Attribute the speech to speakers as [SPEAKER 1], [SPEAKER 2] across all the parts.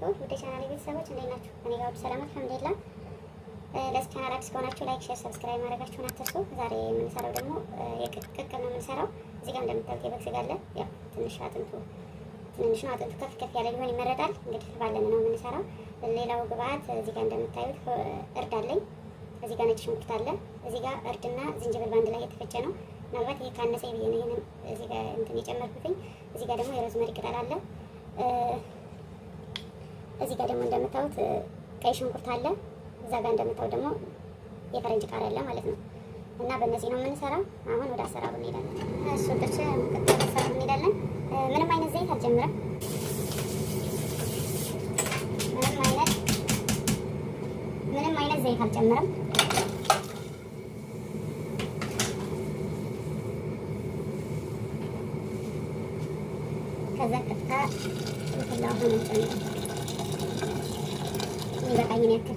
[SPEAKER 1] ናችሁ ውድ ቻናል ቤተሰቦች እንዴት ናችሁ? እኔ ጋር ሰላም አልሐምዱሊላህ። ለዚህ ቻናል አዲስ ከሆናችሁ ላይክ፣ ሼር፣ ሰብስክራይብ ማድረጋችሁን አትርሱ። ዛሬ የምንሰራው ደግሞ ቅቅል ነው የምንሰራው። እዚህ ጋር እንደምታውቁት የበግ ስጋ አለ። ያው ትንሽ አጥንቱ ትንሽ ነው፣ አጥንቱ ከፍ ከፍ ያለ ቢሆን ይመረጣል። እንግዲህ ባለን ነው የምንሰራው። ሌላው ግብአት እዚህ ጋር እንደምታዩት እርድ አለኝ። እዚህ ጋር ነጭ ሽንኩርት አለ። እዚህ ጋር እርድና ዝንጅብል በአንድ ላይ የተፈጨ ነው። ምናልባት ይሄ ካነሰ ይሄንን እዚህ ጋር እንትን የጨመርኩትኝ። እዚህ ጋር ደግሞ የሮዝመሪ ቅጠል አለ እዚህ ጋር ደግሞ እንደምታዩት ቀይ ሽንኩርት አለ። እዛ ጋር እንደምታዩት ደግሞ የፈረንጅ ቃሪያ አለ ማለት ነው። እና በእነዚህ ነው የምንሰራው። አሁን ወደ አሰራሩ እንሄዳለን። እሱ ወጥቼ አሰራሩ እንሄዳለን። ምንም አይነት ዘይት አልጀምረም። ምንም አይነት ምንም አይነት ዘይት አልጀምረም። ከዛ ቅጥታ የፈላውን እንጨምራለን የሚበቃኝን ያክል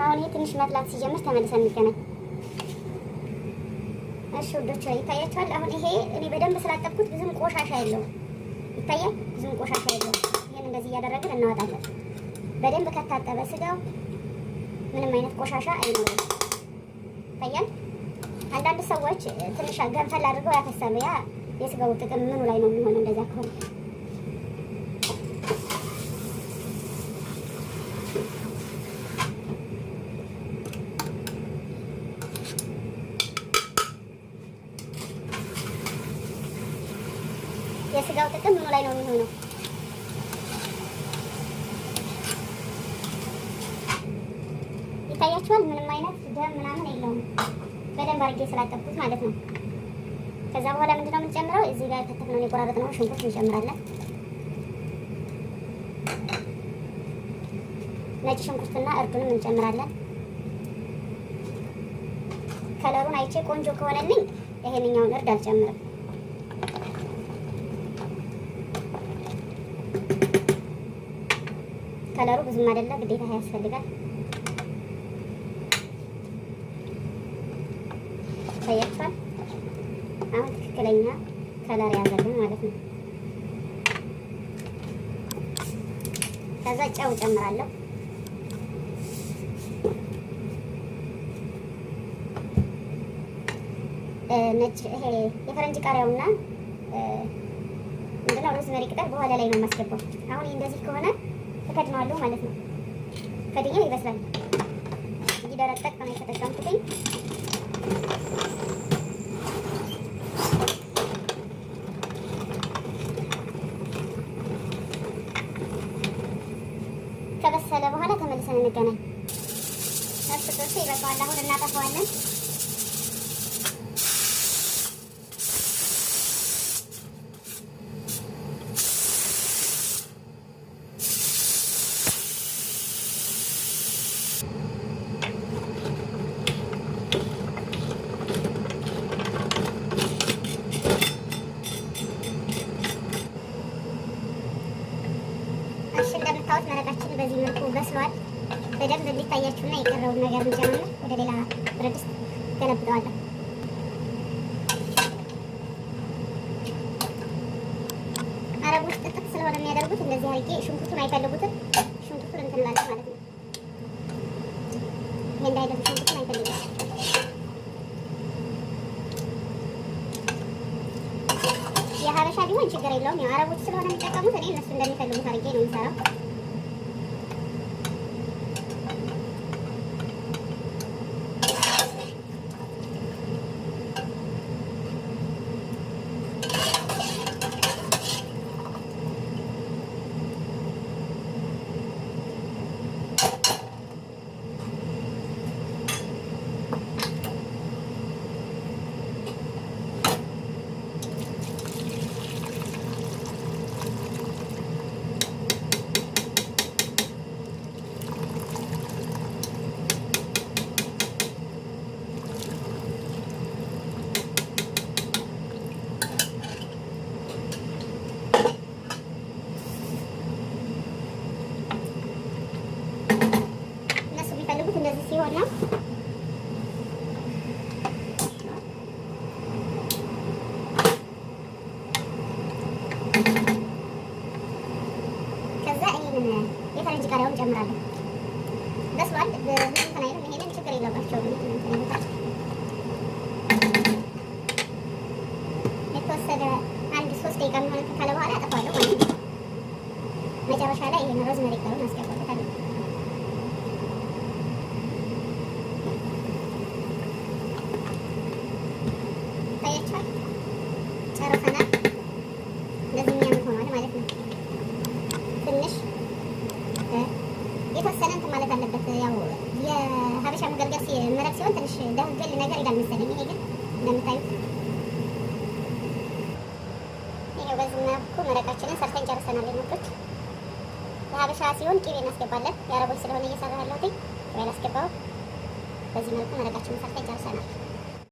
[SPEAKER 1] አሁን ይህ ትንሽ መብላት ሲጀምር ተመልሰን እንገናኝ። እሺ ውዶች ይታያቸዋል። አሁን ይሄ እኔ በደንብ ስላጠብኩት ብዙም ቆሻሻ የለውም፣ ይታያል። ብዙም ቆሻሻ የለውም። ይህን እንደዚህ እያደረግን እናወጣለን። በደንብ ከታጠበ ስጋው ምንም አይነት ቆሻሻ አይኖርም። ታያል። አንዳንድ ሰዎች ትንሽ ገንፈል አድርገው ያፈሳሉ። ያ የስጋው ጥቅም ምኑ ላይ ነው የሚሆነው? እንደዛ ከሆነ የስጋው ጥቅም ምኑ ላይ ነው የሚሆነው? አይታችኋል። ምንም አይነት ደም ምናምን የለውም። በደንብ አድርጌ ስላጠብኩት ማለት ነው። ከዛ በኋላ ነው የምንጨምረው? እዚህ ጋር ከተፍነውን የቆራረጥነውን ሽንኩርት እንጨምራለን። ነጭ ሽንኩርትና እርዱንም እንጨምራለን። ከለሩን አይቼ ቆንጆ ከሆነልኝ ይሄንኛውን እርድ አልጨምርም። ከለሩ ብዙም አይደለም፣ ግዴታ ያስፈልጋል። ይታያችኋል። አሁን ትክክለኛ ከለር ያዘልን ማለት ነው። ከዛ ጨው ጨምራለሁ። ነጭ ይሄ የፈረንጅ ቃሪያውና ሮዝመሪ ቅጠል በኋላ ላይ ነው የማስገባው። አሁን ይህ እንደዚህ ከሆነ እከድነዋለሁ ማለት ነው። ከድኛው ይበስላል። ነው የተጠቀሙ ከበሰለ በኋላ ተመልሰን እንገናኝ። እርስ በርሱ ይበቃዋል። አሁን እናጠፋዋለን። በስሏል። በደንብ እንዲታያችሁና የቀረውን ነገር እንጀምር። ወደ ሌላ ብረት ድስት ገለብጠዋለሁ። አረቦች ጥጥቅ ስለሆነ የሚያደርጉት እንደዚህ አድርጌ ሽንኩርቱን አይፈልጉትም። ሽንኩርቱን እንትን ማለት ማለት ነው። ይሄ እንዳይደርግ ሽንኩርቱን አይፈልጉትም። የሀበሻ ቢሆን ችግር የለውም። ያው አረቦች ስለሆነ የሚጠቀሙት እኔ እነሱ እንደሚፈልጉት አድርጌ ነው የሚሰራው። see what now? Cause that ain't even there. You're gonna have ሻም ገልገል መረቅ ሲሆን ትንሽ ደውገል ነገር ይላል መሰለኝ። ይሄ ግን እንደምታዩት ይሄው በዚህ መልኩ መረቃችንን ሰርተን ጨርሰናል። ሞቶች የሀበሻ ሲሆን ቂቤ እናስገባለን። የአረቦች ስለሆነ እየሰራ ያለሁት ቂቤ አላስገባሁም። በዚህ መልኩ መረቃችንን ሰርተን ጨርሰናል።